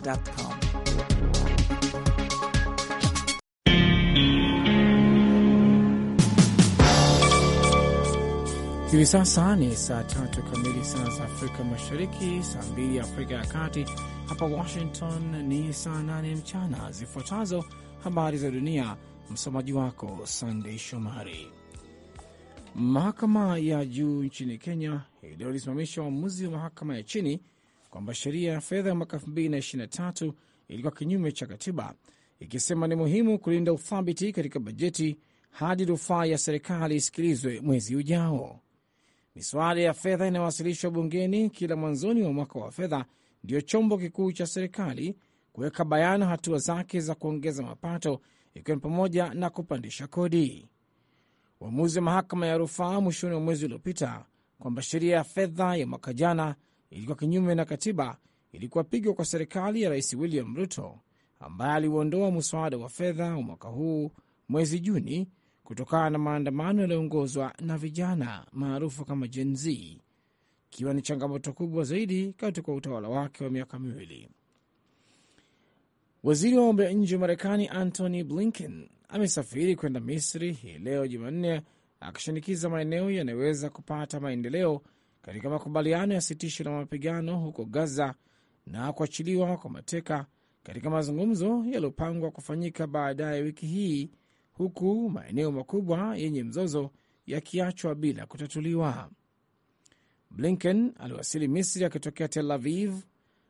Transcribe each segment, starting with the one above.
voa.com. Hivi sasa ni saa tatu kamili saa za Afrika Mashariki, saa mbili Afrika ya Kati. Hapa Washington ni saa nane mchana. Zifuatazo habari za dunia, msomaji wako sandey Shomari. Mahakama ya juu nchini Kenya hii leo ilisimamisha uamuzi wa mahakama ya chini kwamba sheria ya fedha ya mwaka 2023 ilikuwa kinyume cha katiba, ikisema ni muhimu kulinda uthabiti katika bajeti hadi rufaa ya serikali isikilizwe mwezi ujao. Miswada ya fedha inayowasilishwa bungeni kila mwanzoni wa mwaka wa fedha ndiyo chombo kikuu cha serikali kuweka bayana hatua zake za kuongeza mapato, ikiwa ni pamoja na kupandisha kodi. Uamuzi wa mahakama ya rufaa mwishoni wa mwezi uliopita kwamba sheria ya fedha ya mwaka jana ilikuwa kinyume na katiba, ilikuwa pigwa kwa serikali ya Rais William Ruto ambaye aliuondoa mswada wa fedha wa mwaka huu mwezi Juni kutokana na maandamano yaliyoongozwa na vijana maarufu kama Gen Z, ikiwa ni changamoto kubwa zaidi katika utawala wake wa miaka miwili. Waziri wa mambo ya nje wa Marekani Antony Blinken amesafiri kwenda Misri hii leo Jumanne, akishinikiza maeneo yanayoweza kupata maendeleo katika makubaliano ya sitisho la mapigano huko Gaza na kuachiliwa kwa mateka katika mazungumzo yaliyopangwa kufanyika baadaye wiki hii, huku maeneo makubwa yenye mzozo yakiachwa bila kutatuliwa. Blinken aliwasili Misri akitokea Tel Aviv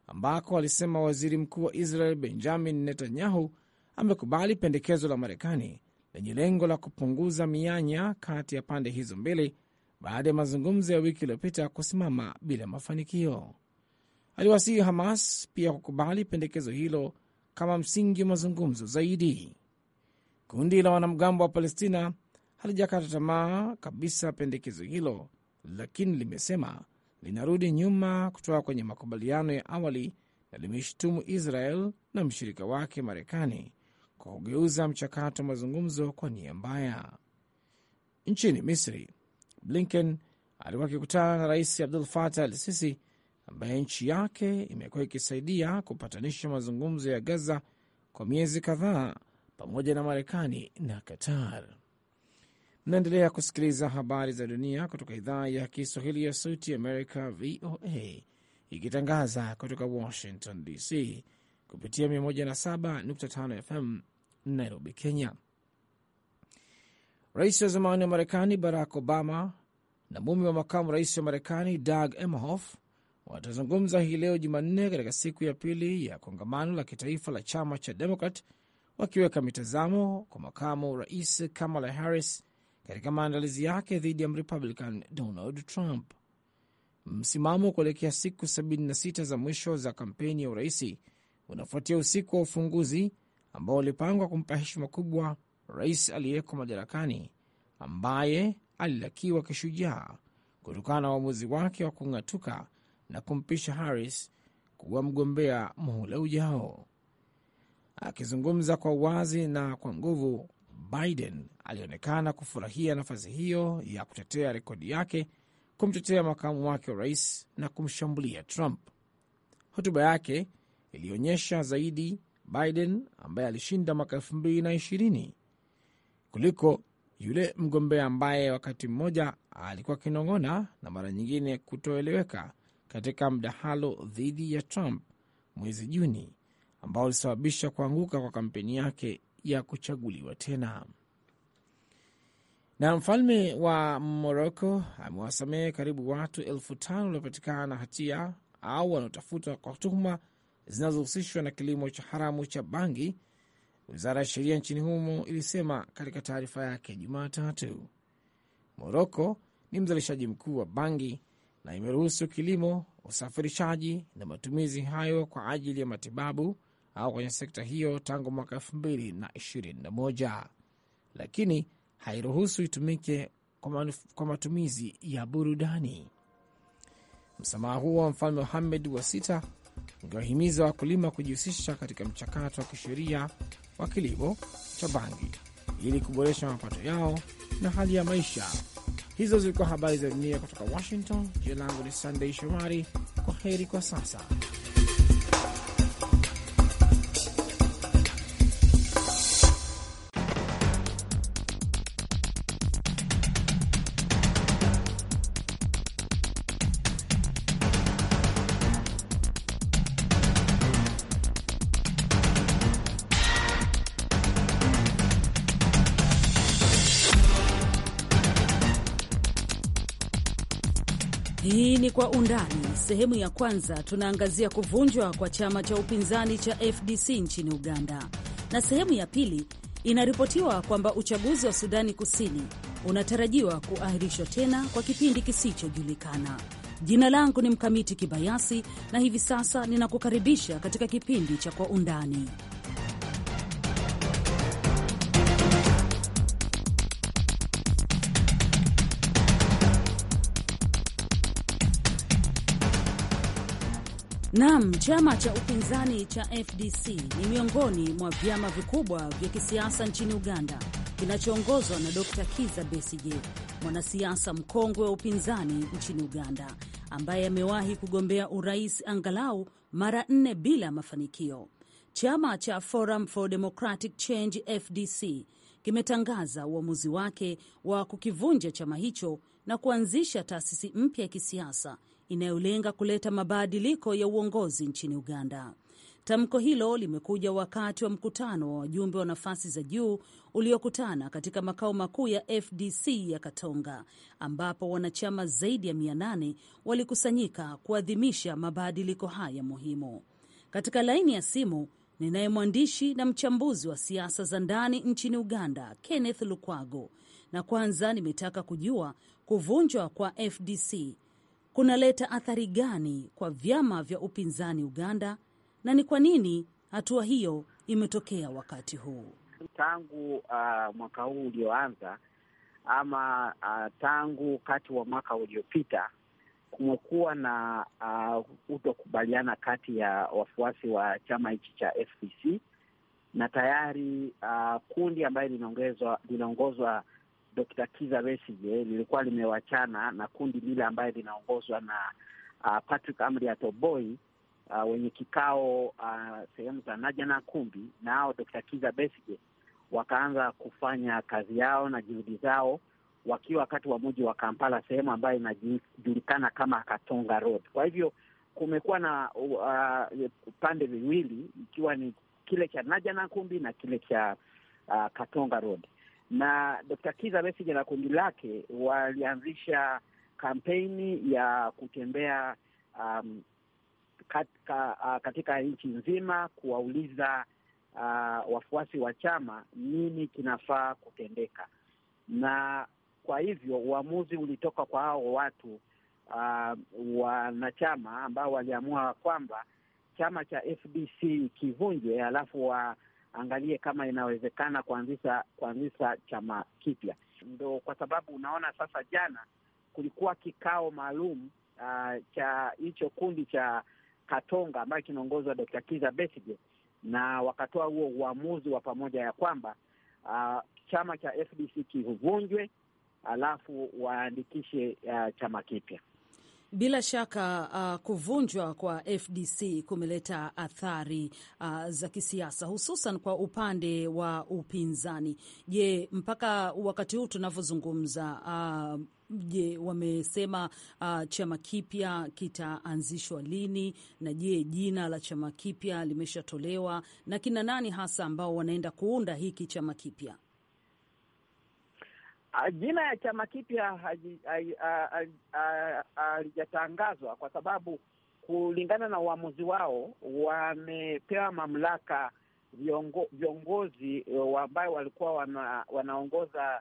ambako alisema waziri mkuu wa Israel Benjamin Netanyahu amekubali pendekezo la Marekani lenye lengo la kupunguza mianya kati ya pande hizo mbili baada ya mazungumzo ya wiki iliyopita kusimama bila mafanikio. Aliwasihi Hamas pia kukubali pendekezo hilo kama msingi wa mazungumzo zaidi. Kundi la wanamgambo wa Palestina halijakata tamaa kabisa pendekezo hilo, lakini limesema linarudi nyuma kutoka kwenye makubaliano ya awali na limeshutumu Israel na mshirika wake Marekani kwa kugeuza mchakato wa mazungumzo kwa nia mbaya. Nchini Misri, Blinken alikuwa akikutana na Rais Abdul Fatah al Sisi, ambaye nchi yake imekuwa ikisaidia kupatanisha mazungumzo ya Gaza kwa miezi kadhaa, pamoja na Marekani na Qatar. Mnaendelea kusikiliza habari za dunia kutoka idhaa ya Kiswahili ya Sauti Amerika, VOA, ikitangaza kutoka Washington DC kupitia 107.5 FM Nairobi, Kenya. Rais wa zamani wa Marekani Barack Obama na mume wa makamu rais wa Marekani Doug Emhoff watazungumza hii leo Jumanne katika siku ya pili ya kongamano la kitaifa la chama cha Demokrat, wakiweka mitazamo kwa makamu rais Kamala Harris katika maandalizi yake dhidi ya Mrepublican Donald Trump. Msimamo kuelekea siku 76 za mwisho za kampeni ya uraisi unafuatia usiku wa ufunguzi ambao ulipangwa kumpa heshima kubwa rais aliyeko madarakani ambaye alilakiwa kishujaa kutokana na uamuzi wake wa kung'atuka na kumpisha Harris kuwa mgombea muhula ujao. Akizungumza kwa uwazi na kwa nguvu, Biden alionekana kufurahia nafasi hiyo ya kutetea rekodi yake, kumtetea makamu wake wa rais na kumshambulia Trump. Hotuba yake ilionyesha zaidi Biden ambaye alishinda mwaka elfu mbili na ishirini kuliko yule mgombea ambaye wakati mmoja alikuwa akinong'ona na mara nyingine kutoeleweka katika mdahalo dhidi ya Trump mwezi Juni ambao ulisababisha kuanguka kwa kampeni yake ya kuchaguliwa tena. Na mfalme wa Moroko amewasamehe karibu watu elfu tano waliopatikana na hatia au wanaotafutwa kwa tuhuma zinazohusishwa na kilimo cha haramu cha bangi wizara ya sheria nchini humo ilisema katika taarifa yake Jumatatu. Moroko ni mzalishaji mkuu wa bangi na imeruhusu kilimo, usafirishaji na matumizi hayo kwa ajili ya matibabu au kwenye sekta hiyo tangu mwaka moja, lakini hairuhusu itumike kwa matumizi ya burudani. Msamaha huo wa Mfalme Mohamed wa sita ungewahimiza wakulima kujihusisha katika mchakato wa kisheria wa kilimo cha bangi ili kuboresha mapato yao na hali ya maisha. Hizo zilikuwa habari za dunia kutoka Washington. Jina langu ni Sandei Shomari. Kwa heri kwa sasa. undani sehemu ya kwanza, tunaangazia kuvunjwa kwa chama cha upinzani cha FDC nchini Uganda, na sehemu ya pili inaripotiwa kwamba uchaguzi wa Sudani Kusini unatarajiwa kuahirishwa tena kwa kipindi kisichojulikana. Jina langu ni Mkamiti Kibayasi na hivi sasa ninakukaribisha katika kipindi cha Kwa Undani. Naam, chama cha upinzani cha FDC ni miongoni mwa vyama vikubwa vya kisiasa nchini Uganda kinachoongozwa na Dr. Kiza Besigye, mwanasiasa mkongwe wa upinzani nchini Uganda ambaye amewahi kugombea urais angalau mara nne bila mafanikio. Chama cha Forum for Democratic Change FDC kimetangaza uamuzi wake wa kukivunja chama hicho na kuanzisha taasisi mpya ya kisiasa inayolenga kuleta mabadiliko ya uongozi nchini Uganda. Tamko hilo limekuja wakati wa mkutano wa wajumbe wa nafasi za juu uliokutana katika makao makuu ya FDC ya Katonga, ambapo wanachama zaidi ya 800 walikusanyika kuadhimisha mabadiliko haya muhimu. Katika laini ya simu ninaye mwandishi na mchambuzi wa siasa za ndani nchini Uganda, Kenneth Lukwago, na kwanza nimetaka kujua kuvunjwa kwa FDC kunaleta athari gani kwa vyama vya upinzani Uganda, na ni kwa nini hatua hiyo imetokea wakati huu tangu uh, mwaka huu ulioanza ama uh, tangu kati wa mwaka uliopita kumekuwa na uh, utokubaliana kati ya wafuasi wa chama hichi cha FCC na tayari uh, kundi ambayo linaongozwa Dr. Kiza Besigye lilikuwa limewachana na kundi lile ambaye linaongozwa na uh, Patrick Amriat Oboi uh, wenye kikao uh, sehemu za Naja na Kumbi, nao Dr. Kiza Besigye wakaanza kufanya kazi yao na juhudi zao wakiwa wakati wa mji wa Kampala, sehemu ambayo inajulikana kama Katonga Road. Kwa hivyo kumekuwa na uh, pande viwili, ikiwa ni kile cha Naja na kumbi na kile cha uh, Katonga Road na Dkt. Kiza Besigye na kundi lake walianzisha kampeni ya kutembea um, katika, uh, katika nchi nzima kuwauliza uh, wafuasi wa chama nini kinafaa kutendeka, na kwa hivyo uamuzi ulitoka kwa hao watu uh, wanachama ambao waliamua kwamba chama cha FDC kivunjwe halafu wa angalie kama inawezekana kuanzisha kuanzisha chama kipya. Ndo kwa sababu unaona sasa, jana kulikuwa kikao maalum uh, cha hicho kundi cha Katonga ambayo kinaongozwa Dkt. Kiza Besigye, na wakatoa huo uamuzi wa pamoja ya kwamba uh, chama cha FDC kivunjwe, alafu waandikishe uh, chama kipya. Bila shaka uh, kuvunjwa kwa FDC kumeleta athari uh, za kisiasa hususan kwa upande wa upinzani. Je, mpaka wakati huu tunavyozungumza uh, Je, wamesema uh, chama kipya kitaanzishwa lini? Na je, jina la chama kipya limeshatolewa na kina nani hasa ambao wanaenda kuunda hiki chama kipya? Ah, jina ya chama kipya halijatangazwa kwa sababu kulingana na uamuzi wao wamepewa mamlaka viongo, viongozi eh, ambayo walikuwa wana, wanaongoza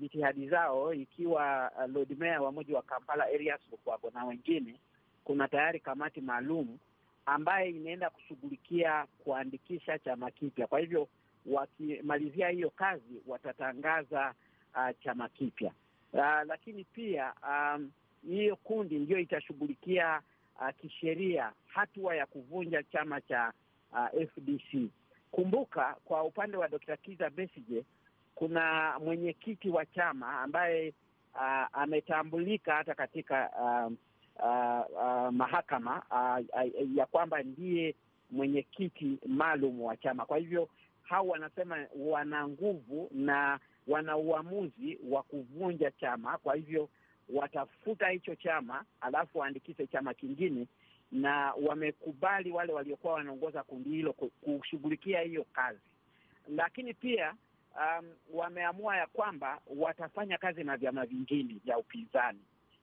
jitihadi zao, ikiwa eh, Lord Mayor wa mji wa Kampala Erias Lukwago na wengine. Kuna tayari kamati maalum ambaye inaenda kushughulikia kuandikisha chama kipya. Kwa hivyo wakimalizia hiyo kazi watatangaza chama kipya uh, lakini pia hiyo um, kundi ndiyo itashughulikia uh, kisheria hatua ya kuvunja chama cha uh, FDC. Kumbuka kwa upande wa Dr. Kiza Besige kuna mwenyekiti wa chama ambaye uh, ametambulika hata katika uh, uh, uh, mahakama uh, uh, ya kwamba ndiye mwenyekiti maalum wa chama. Kwa hivyo hao wanasema wana nguvu na wana uamuzi wa kuvunja chama. Kwa hivyo watafuta hicho chama alafu waandikishe chama kingine, na wamekubali wale waliokuwa wanaongoza kundi hilo kushughulikia hiyo kazi, lakini pia um, wameamua ya kwamba watafanya kazi na vyama vingine vya upinzani.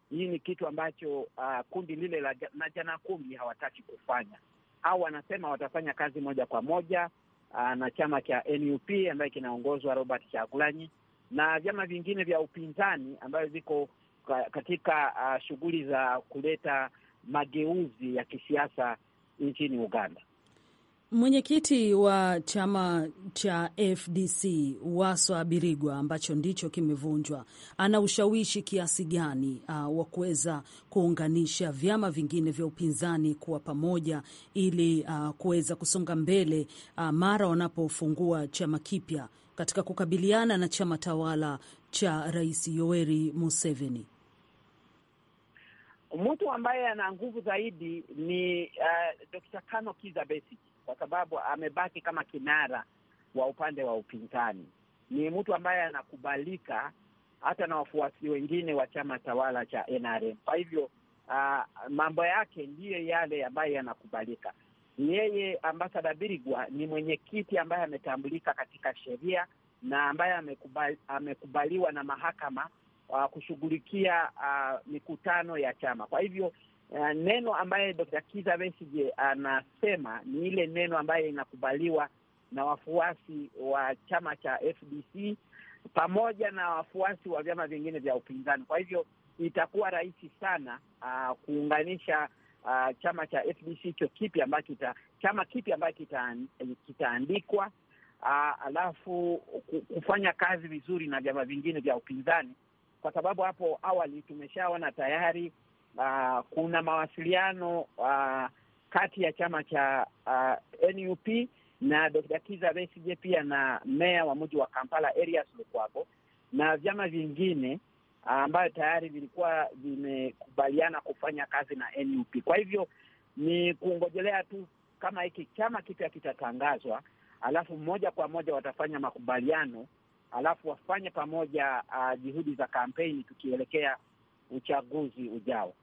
Hii ni kitu ambacho uh, kundi lile la jana kumi hawataki kufanya, au wanasema watafanya kazi moja kwa moja Ah, na chama cha NUP ambaye kinaongozwa Robert Chagulanyi na vyama vingine vya upinzani ambayo viko katika uh, shughuli za kuleta mageuzi ya kisiasa nchini Uganda. Mwenyekiti wa chama cha FDC Waswa Birigwa, ambacho ndicho kimevunjwa, ana ushawishi kiasi gani uh, wa kuweza kuunganisha vyama vingine vya upinzani kuwa pamoja ili uh, kuweza kusonga mbele uh, mara wanapofungua chama kipya katika kukabiliana na chama tawala cha Rais Yoweri Museveni? Mtu ambaye ana nguvu zaidi ni uh, Dr. Kano Kiza kwa sababu amebaki kama kinara wa upande wa upinzani. Ni mtu ambaye anakubalika hata na wafuasi wengine wa chama tawala cha NRM. Kwa hivyo uh, mambo yake ndiyo yale ambayo yanakubalika. Yeye ambasada Birigwa ni mwenyekiti ambaye ametambulika katika sheria na ambaye amekubali, amekubaliwa na mahakama uh, kushughulikia uh, mikutano ya chama. Kwa hivyo uh, neno ambaye Dr. Kiza Besigye anasema ni ile neno ambaye inakubaliwa na wafuasi wa chama cha FDC pamoja na wafuasi wa vyama vingine vya upinzani. Kwa hivyo itakuwa rahisi sana uh, kuunganisha uh, chama cha FDC hicho kipi ambacho kita, chama kipi ambacho kitaandikwa uh, alafu kufanya kazi vizuri na vyama vingine vya upinzani, kwa sababu hapo awali tumeshaona tayari uh, kuna mawasiliano uh, kati ya chama cha uh, ah, NUP na Dr. Kiza Besigye pia na meya wa mji wa Kampala Erias Lukwago na vyama vingine ambayo tayari vilikuwa vimekubaliana kufanya kazi na NUP. Kwa hivyo ni kuongojelea tu kama hiki chama kipya kitatangazwa, alafu moja kwa moja watafanya makubaliano, alafu wafanye pamoja uh, juhudi za kampeni tukielekea uchaguzi ujao.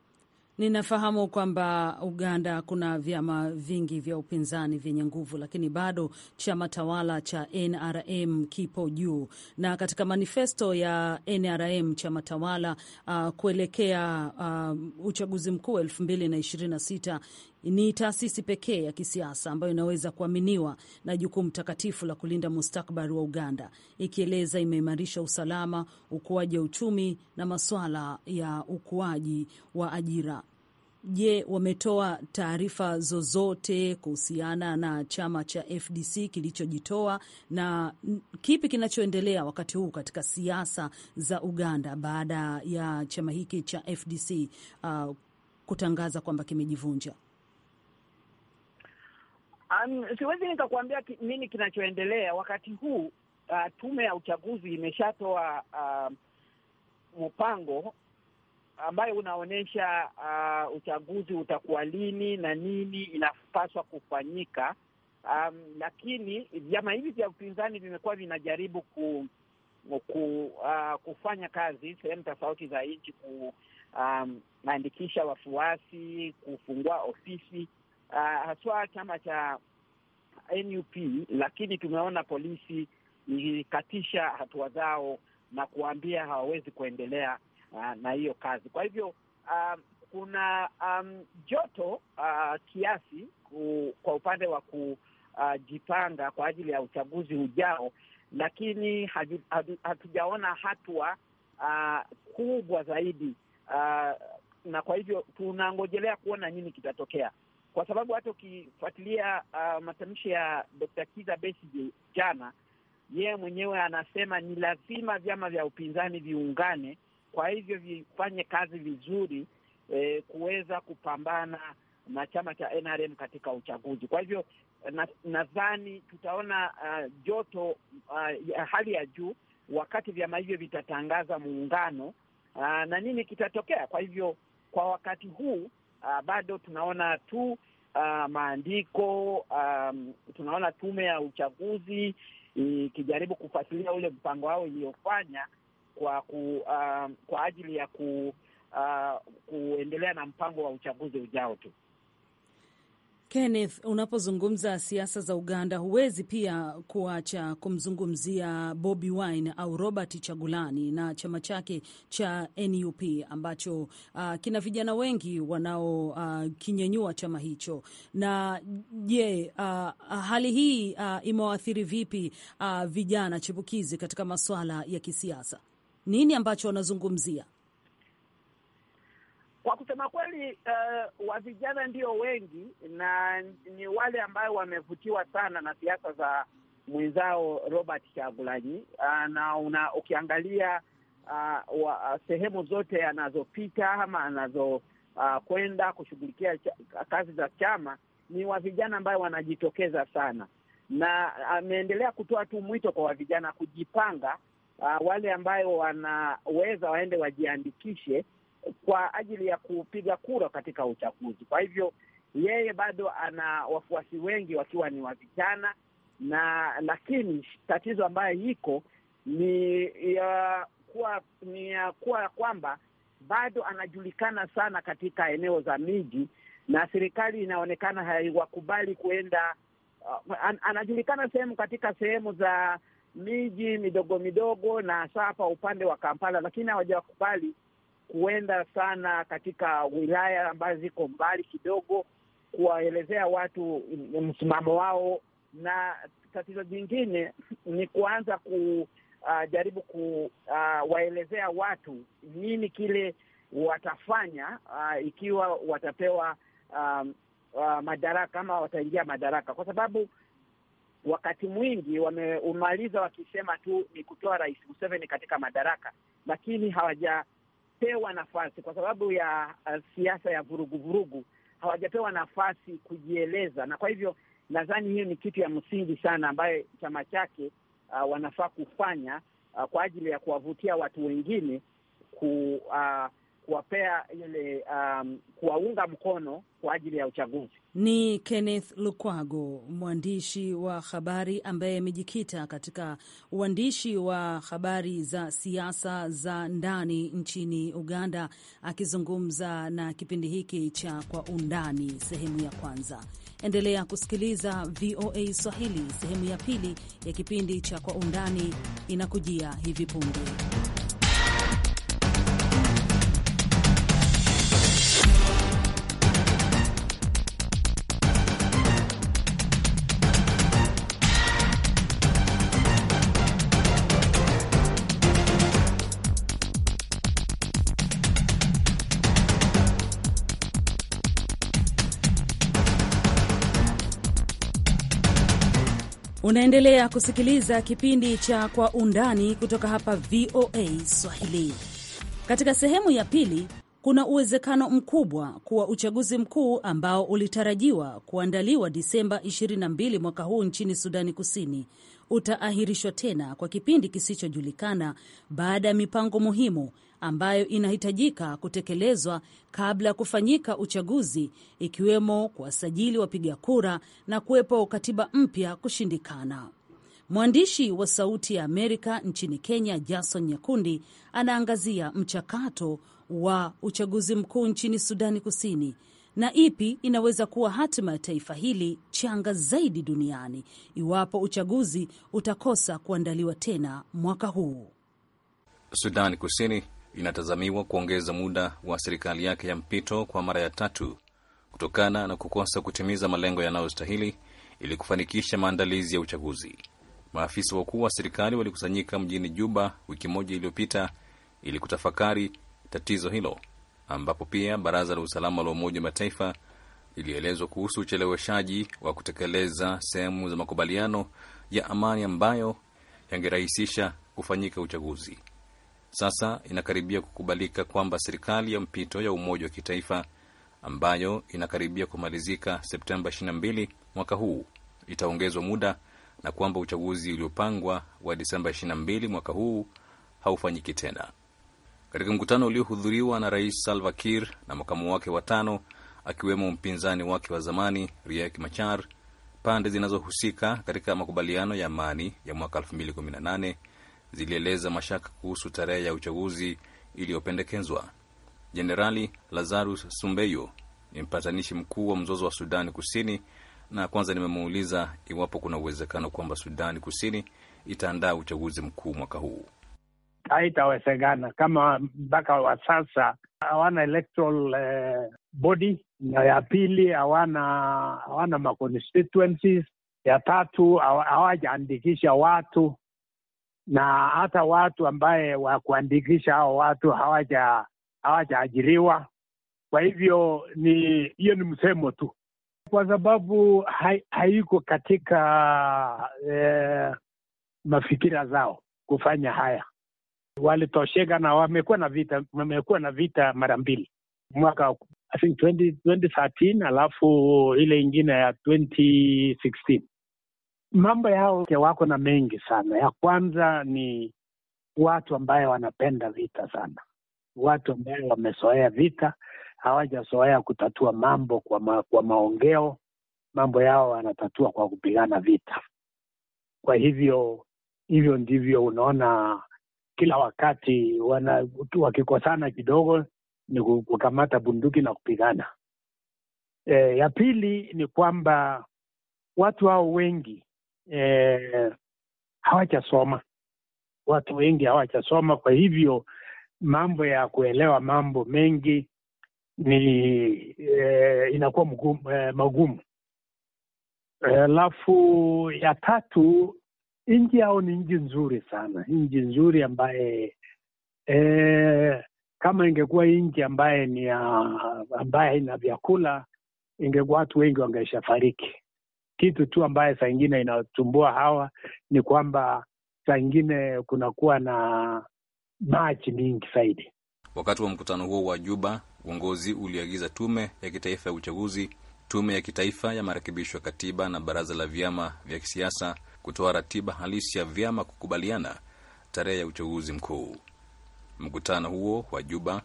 Ninafahamu kwamba Uganda kuna vyama vingi vya upinzani vyenye nguvu, lakini bado chama tawala cha NRM kipo juu. Na katika manifesto ya NRM chama tawala uh, kuelekea uh, uchaguzi mkuu elfu mbili na ishirini na sita ni taasisi pekee ya kisiasa ambayo inaweza kuaminiwa na jukumu takatifu la kulinda mustakabali wa Uganda, ikieleza imeimarisha usalama, ukuaji wa uchumi na masuala ya ukuaji wa ajira. Je, wametoa taarifa zozote kuhusiana na chama cha FDC kilichojitoa na kipi kinachoendelea wakati huu katika siasa za Uganda baada ya chama hiki cha FDC uh, kutangaza kwamba kimejivunja? Um, siwezi nikakuambia nini kinachoendelea wakati huu. Uh, tume ya uchaguzi imeshatoa uh, mpango ambayo unaonyesha uh, uchaguzi utakuwa lini na nini inapaswa kufanyika. Um, lakini vyama hivi vya upinzani vimekuwa vinajaribu ku, ku uh, kufanya kazi sehemu tofauti za nchi kuandikisha um, wafuasi, kufungua ofisi uh, haswa chama cha NUP, lakini tumeona polisi ikatisha hatua zao na kuwaambia hawawezi kuendelea uh, na hiyo kazi. Kwa hivyo uh, kuna um, joto uh, kiasi ku, kwa upande wa kujipanga uh, kwa ajili ya uchaguzi ujao, lakini hatujaona hatua uh, kubwa zaidi uh, na kwa hivyo tunangojelea kuona nini kitatokea kwa sababu hata ukifuatilia uh, matamshi ya Dr. Kiza Besigye jana, yeye mwenyewe anasema ni lazima vyama vya upinzani viungane, kwa hivyo vifanye kazi vizuri eh, kuweza kupambana na chama cha NRM katika uchaguzi. Kwa hivyo na, nadhani tutaona uh, joto uh, ya hali ya juu wakati vyama hivyo vitatangaza muungano uh, na nini kitatokea. Kwa hivyo kwa wakati huu uh, bado tunaona tu uh, maandiko um, tunaona tume ya uchaguzi ikijaribu kufuatilia ule mpango wao iliyofanya kwa ku, uh, kwa ajili ya ku, uh, kuendelea na mpango wa uchaguzi ujao tu. Kenneth, unapozungumza siasa za Uganda huwezi pia kuacha kumzungumzia Bobi Wine au Robert Chagulani na chama chake cha NUP ambacho uh, kina vijana wengi wanao uh, chama hicho. Na je, uh, hali hii uh, imewaathiri vipi uh, vijana chipukizi katika masuala ya kisiasa? Nini ambacho wanazungumzia? Kwa kusema kweli, uh, wa vijana ndio wengi na ni wale ambao wamevutiwa sana na siasa za mwenzao Robert Chagulanyi uh, ah, na una, ukiangalia uh, wa, sehemu zote anazopita ama anazokwenda ah, uh, kushughulikia kazi za chama ni wa vijana ambao wanajitokeza sana, na ameendelea kutoa tu mwito kwa wavijana kujipanga, uh, wale ambayo wanaweza waende wajiandikishe kwa ajili ya kupiga kura katika uchaguzi. Kwa hivyo yeye bado ana wafuasi wengi wakiwa ni wa vijana, na lakini tatizo ambayo iko ni ya kuwa ni ya kuwa kwamba bado anajulikana sana katika eneo za miji, na serikali inaonekana haiwakubali kuenda. Uh, an, anajulikana sehemu katika sehemu za miji midogo midogo na hasa hapa upande wa Kampala, lakini hawajawakubali kuenda sana katika wilaya ambazo ziko mbali kidogo, kuwaelezea watu msimamo wao, na tatizo jingine ni kuanza kujaribu ah, kuwaelezea ah, uh, watu nini kile watafanya uh, ikiwa watapewa um, uh, madaraka ama wataingia madaraka, kwa sababu wakati mwingi wameumaliza wakisema tu ni kutoa Rais Museveni katika madaraka, lakini hawaja hawajapewa nafasi kwa sababu ya uh, siasa ya vuruguvurugu, hawajapewa nafasi kujieleza, na kwa hivyo nadhani hiyo ni kitu ya msingi sana ambayo chama chake uh, wanafaa kufanya uh, kwa ajili ya kuwavutia watu wengine ku, uh, kuwapea ile um, kuwaunga mkono kwa ajili ya uchaguzi. Ni Kenneth Lukwago, mwandishi wa habari ambaye amejikita katika uandishi wa habari za siasa za ndani nchini Uganda, akizungumza na kipindi hiki cha Kwa Undani sehemu ya kwanza. Endelea kusikiliza VOA Swahili. Sehemu ya pili ya kipindi cha Kwa Undani inakujia hivi punde. Unaendelea kusikiliza kipindi cha Kwa Undani kutoka hapa VOA Swahili. Katika sehemu ya pili, kuna uwezekano mkubwa kuwa uchaguzi mkuu ambao ulitarajiwa kuandaliwa Disemba 22 mwaka huu nchini Sudani Kusini utaahirishwa tena kwa kipindi kisichojulikana baada ya mipango muhimu ambayo inahitajika kutekelezwa kabla ya kufanyika uchaguzi, ikiwemo kuwasajili wapiga kura na kuwepo katiba mpya kushindikana. Mwandishi wa Sauti ya Amerika nchini Kenya, Jason Nyakundi, anaangazia mchakato wa uchaguzi mkuu nchini Sudani Kusini na ipi inaweza kuwa hatima ya taifa hili changa zaidi duniani iwapo uchaguzi utakosa kuandaliwa tena mwaka huu. Sudani Kusini inatazamiwa kuongeza muda wa serikali yake ya mpito kwa mara ya tatu kutokana na kukosa kutimiza malengo yanayostahili ili kufanikisha maandalizi ya uchaguzi. Maafisa wakuu wa serikali walikusanyika mjini Juba wiki moja iliyopita ili kutafakari tatizo hilo, ambapo pia baraza la usalama la Umoja wa Mataifa lilielezwa kuhusu ucheleweshaji wa kutekeleza sehemu za makubaliano ya amani ambayo yangerahisisha kufanyika uchaguzi. Sasa inakaribia kukubalika kwamba serikali ya mpito ya umoja wa kitaifa ambayo inakaribia kumalizika Septemba 22 mwaka huu itaongezwa muda na kwamba uchaguzi uliopangwa wa Disemba 22 mwaka huu haufanyiki tena. Katika mkutano uliohudhuriwa na Rais Salva Kiir na makamu wake watano akiwemo mpinzani wake wa zamani Riek Machar, pande zinazohusika katika makubaliano ya amani ya mwaka zilieleza mashaka kuhusu tarehe ya uchaguzi iliyopendekezwa. Jenerali Lazarus Sumbeyo ni mpatanishi mkuu wa mzozo wa Sudani Kusini, na kwanza nimemuuliza iwapo kuna uwezekano kwamba Sudani Kusini itaandaa uchaguzi mkuu mwaka huu. Haitawezekana kama mpaka wa sasa hawana electoral eh, body, na ya pili hawana hawana ma ya tatu hawajaandikisha watu na hata watu ambaye wa kuandikisha hao watu hawaja hawajaajiriwa. Kwa hivyo ni hiyo ni msemo tu, kwa sababu hai, haiko katika eh, mafikira zao kufanya haya. Walitosheka na wamekuwa na vita, wamekuwa na vita mara mbili mwaka I think 2013 alafu ile ingine ya 2016 Mambo yao wako na mengi sana. Ya kwanza ni watu ambaye wanapenda vita sana, watu ambaye wamezoea vita, hawajazoea kutatua mambo kwa, ma, kwa maongeo. Mambo yao wanatatua kwa kupigana vita. Kwa hivyo hivyo ndivyo unaona kila wakati wana, wakikosana kidogo ni kukamata bunduki na kupigana. E, ya pili ni kwamba watu hao wengi eh, hawajasoma. Watu wengi hawajasoma, kwa hivyo mambo ya kuelewa mambo mengi ni eh, inakuwa mgumu, eh, magumu. Alafu eh, ya tatu, nji yao ni nji nzuri sana, nji nzuri ambaye eh, kama ingekuwa nji ambaye ni ambaye ina vyakula ingekuwa watu wengi wangeshafariki kitu tu ambaye saa ingine inatumbua hawa ni kwamba saa ingine kunakuwa na machi mingi zaidi. Wakati wa mkutano huo wa Juba, uongozi uliagiza tume ya kitaifa ya uchaguzi, tume ya kitaifa ya marekebisho ya katiba na baraza la vyama vya kisiasa kutoa ratiba halisi ya vyama kukubaliana tarehe ya uchaguzi mkuu. Mkutano huo wa Juba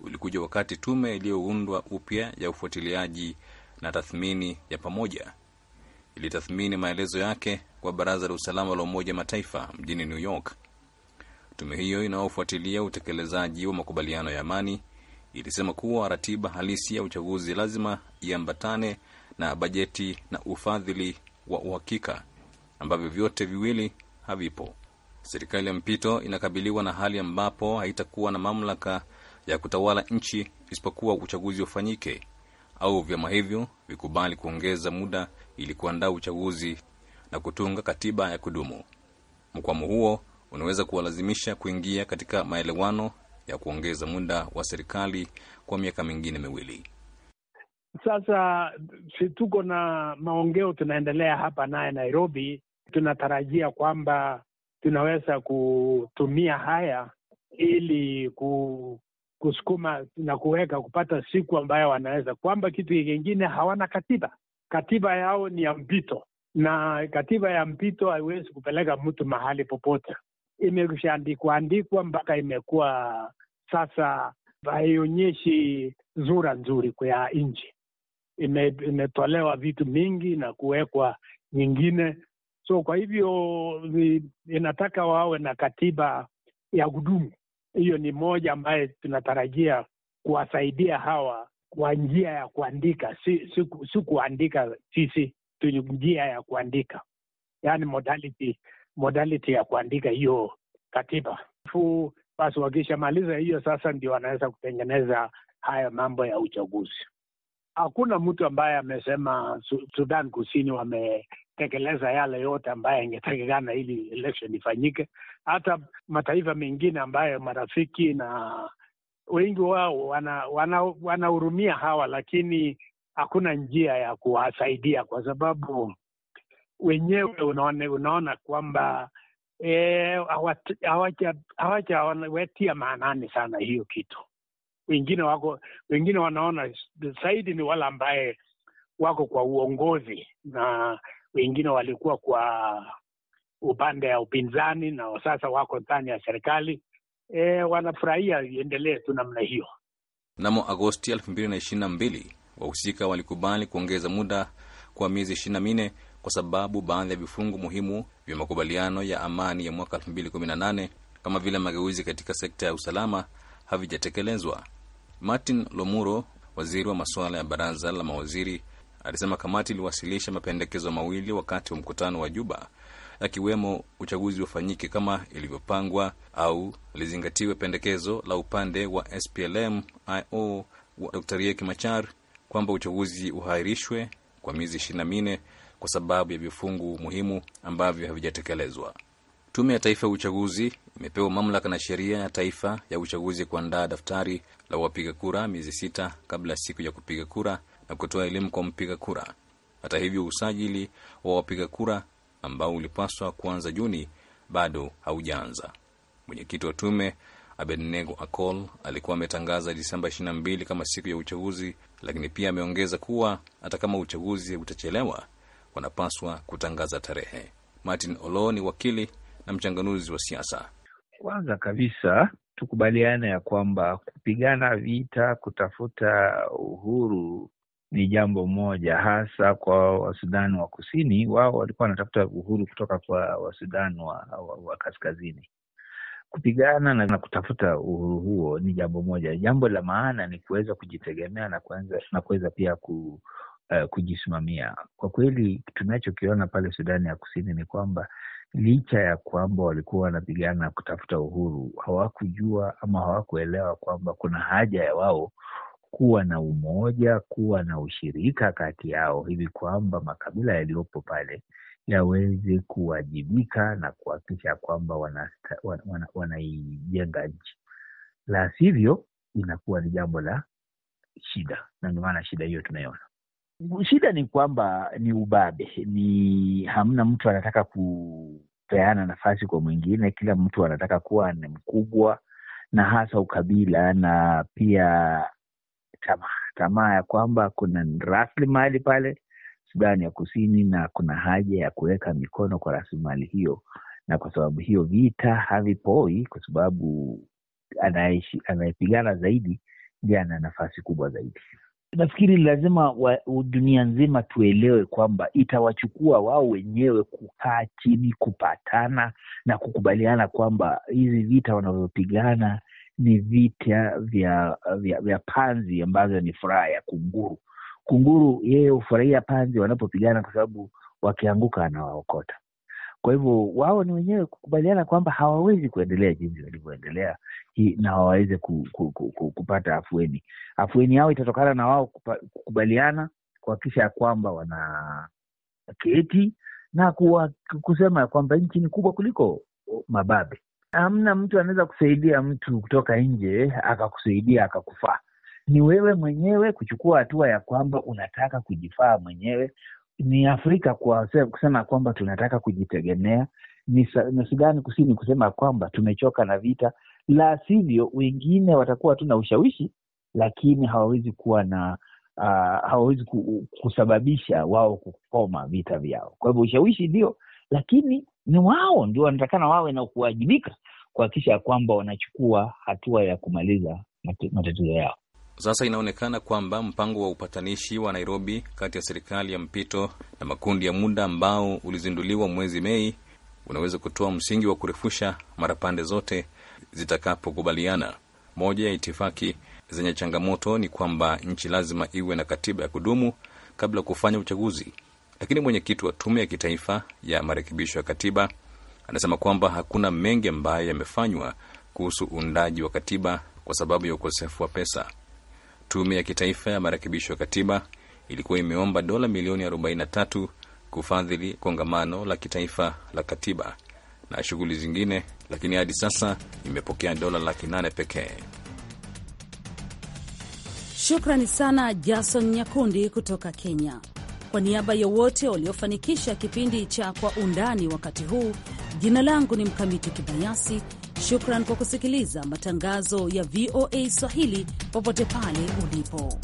ulikuja wakati tume iliyoundwa upya ya ufuatiliaji na tathmini ya pamoja ilitathmini maelezo yake kwa Baraza la Usalama la Umoja Mataifa mjini New York. Tume hiyo inayofuatilia utekelezaji wa makubaliano ya amani ilisema kuwa ratiba halisi ya uchaguzi lazima iambatane na bajeti na ufadhili wa uhakika ambavyo vyote viwili havipo. Serikali ya mpito inakabiliwa na hali ambapo haitakuwa na mamlaka ya kutawala nchi isipokuwa uchaguzi ufanyike au vyama hivyo vikubali kuongeza muda ili kuandaa uchaguzi na kutunga katiba ya kudumu. Mkwamo huo unaweza kuwalazimisha kuingia katika maelewano ya kuongeza muda wa serikali kwa miaka mingine miwili. Sasa si tuko na maongeo tunaendelea hapa naye Nairobi. Tunatarajia kwamba tunaweza kutumia haya ili ku, kusukuma na kuweka kupata siku ambayo wanaweza kwamba kitu kingine hawana katiba katiba yao ni ya mpito, na katiba ya mpito haiwezi kupeleka mtu mahali popote. Imeshaandikwa andikwa mpaka imekuwa sasa, haionyeshi zura nzuri kwa nchi. Ime, imetolewa vitu mingi na kuwekwa nyingine, so kwa hivyo inataka wawe na katiba ya kudumu. Hiyo ni moja ambaye tunatarajia kuwasaidia hawa kwa njia ya kuandika, si, si, si kuandika sisi tu, njia ya kuandika, yaani modality, modality ya kuandika hiyo katiba. Fu basi wakishamaliza hiyo, sasa ndio wanaweza kutengeneza haya mambo ya uchaguzi. Hakuna mtu ambaye amesema Sudan Kusini wametekeleza yale yote ambaye ingetakikana ili election ifanyike. Hata mataifa mengine ambayo marafiki na wengi wao wanahurumia wana, wana hawa, lakini hakuna njia ya kuwasaidia kwa sababu wenyewe unaona, unaona kwamba eh, hawajawetia maanani sana hiyo kitu. Wengine wako wengine wanaona zaidi ni wale ambaye wako kwa uongozi na wengine walikuwa kwa upande ya upinzani na sasa wako ndani ya serikali e, wanafurahia iendelee tu namna hiyo. Mnamo Agosti mbili wahusika walikubali kuongeza muda kwa miezi 24 kwa sababu baadhi ya vifungu muhimu vya makubaliano ya amani ya mwaka nane kama vile mageuzi katika sekta ya usalama havijatekelezwa. Martin Lomuro, waziri wa masuala ya baraza la mawaziri, alisema kamati iliwasilisha mapendekezo mawili wakati wa mkutano wa Juba akiwemo uchaguzi ufanyike kama ilivyopangwa au lizingatiwe pendekezo la upande wa SPLM-IO wa Dr. Riek Machar kwamba uchaguzi uhairishwe kwa miezi 24 kwa sababu ya vifungu muhimu ambavyo havijatekelezwa. Tume ya Taifa ya Uchaguzi imepewa mamlaka na sheria ya taifa ya uchaguzi kuandaa daftari la wapiga kura miezi sita kabla ya siku ya kupiga kura na kutoa elimu kwa mpiga kura. Hata hivyo, usajili wa wapiga kura ambao ulipaswa kuanza Juni bado haujaanza. Mwenyekiti wa tume Abednego Akol alikuwa ametangaza Disemba 22 kama siku ya uchaguzi, lakini pia ameongeza kuwa hata kama uchaguzi utachelewa, wanapaswa kutangaza tarehe. Martin Olo ni wakili na mchanganuzi wa siasa. Kwanza kabisa tukubaliana ya kwamba kupigana vita, kutafuta uhuru ni jambo moja, hasa kwa Wasudani wa kusini. Wao walikuwa wanatafuta uhuru kutoka kwa Wasudani wa, wa, wa kaskazini. Kupigana na, na kutafuta uhuru huo ni jambo moja. Jambo la maana ni kuweza kujitegemea na kuweza na kuweza pia ku, uh, kujisimamia. Kwa kweli tunachokiona pale Sudani ya kusini ni kwamba licha ya kwamba walikuwa wanapigana kutafuta uhuru, hawakujua ama hawakuelewa kwamba kuna haja ya wao kuwa na umoja, kuwa na ushirika kati yao, hivi kwamba makabila yaliyopo pale yaweze kuwajibika na kuhakikisha kwamba wanaijenga wana, wana, nchi. La sivyo inakuwa ni jambo la shida, na ndio maana shida hiyo tunaiona. Shida ni kwamba ni ubabe, ni hamna mtu anataka kupeana nafasi kwa mwingine, kila mtu anataka kuwa ni mkubwa, na hasa ukabila na pia tamaa, tamaa ya kwamba kuna rasilimali pale Sudani ya Kusini na kuna haja ya kuweka mikono kwa rasilimali hiyo, na kwa sababu hiyo vita havipoi, kwa sababu anayepigana zaidi ndiye ana nafasi kubwa zaidi. Nafikiri lazima wa, dunia nzima tuelewe kwamba itawachukua wao wenyewe kukaa chini, kupatana na kukubaliana kwamba hizi vita wanavyopigana ni vita vya vya, vya panzi ambazo ni furaha ya kunguru. Kunguru yeye hufurahia panzi wanapopigana, kwa sababu wakianguka anawaokota. Kwa hivyo wao ni wenyewe kukubaliana kwamba hawawezi kuendelea jinsi walivyoendelea na waweze ku, ku, ku, ku, kupata afueni. Afueni yao itatokana na wao kukubaliana kuhakikisha ya kwamba wana keti na kuwa, kusema ya kwamba nchi ni kubwa kuliko mababe Hamna mtu anaweza kusaidia mtu kutoka nje akakusaidia akakufaa. Ni wewe mwenyewe kuchukua hatua ya kwamba unataka kujifaa mwenyewe. Ni Afrika kwa kusema kwamba tunataka kujitegemea. Ni Sudani Kusini kusema kwamba tumechoka na vita, la sivyo wengine watakuwa tu na ushawishi, lakini hawawezi kuwa na uh, hawawezi kusababisha wao kukoma vita vyao. Kwa hivyo ushawishi ndio, lakini ni wao ndio wanatakana wawe na kuwajibika kuhakikisha kwamba wanachukua hatua ya kumaliza matatizo yao. Sasa inaonekana kwamba mpango wa upatanishi wa Nairobi kati ya serikali ya mpito na makundi ya muda ambao ulizinduliwa mwezi Mei unaweza kutoa msingi wa kurefusha mara pande zote zitakapokubaliana. Moja ya itifaki zenye changamoto ni kwamba nchi lazima iwe na katiba ya kudumu kabla ya kufanya uchaguzi. Lakini mwenyekiti wa tume ya kitaifa ya marekebisho ya katiba anasema kwamba hakuna mengi ambayo yamefanywa kuhusu uundaji wa katiba kwa sababu ya ukosefu wa pesa. Tume ya kitaifa ya marekebisho ya katiba ilikuwa imeomba dola milioni 43 kufadhili kongamano la kitaifa la katiba na shughuli zingine, lakini hadi sasa imepokea dola laki nane pekee. Shukrani sana Jason Nyakundi kutoka Kenya. Kwa niaba ya wote waliofanikisha kipindi cha Kwa Undani wakati huu, jina langu ni Mkamiti Kibayasi. Shukran kwa kusikiliza matangazo ya VOA Swahili popote pale ulipo.